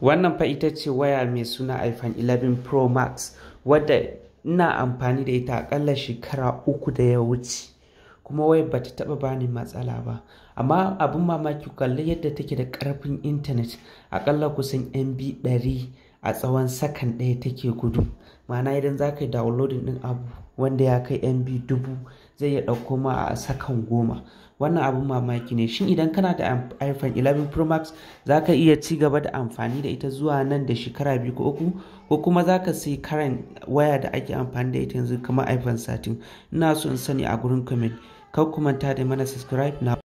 wannan fa ita ce waya mai suna iphone 11 pro max wadda ina amfani da ita akalla shekara uku da ya wuce kuma wai ba ta taɓa bani matsala ba amma abin mamaki kalli yadda take da karfin intanet akalla kusan mb ɗari. a tsawon sakan ɗaya take gudu mana idan za ka yi downloading ɗin abu wanda ya kai mb dubu zai ya ɗauko ma a sakan goma wannan abin mamaki ne shin idan kana da iphone 11 pro max za ka iya ci gaba da amfani da ita zuwa nan da shekara biyu ko uku ko kuma za ka sai karan waya da ake amfani da ita yanzu kamar iphone 13 ina so in sani a gurin comment kar ku manta da mana subscribe na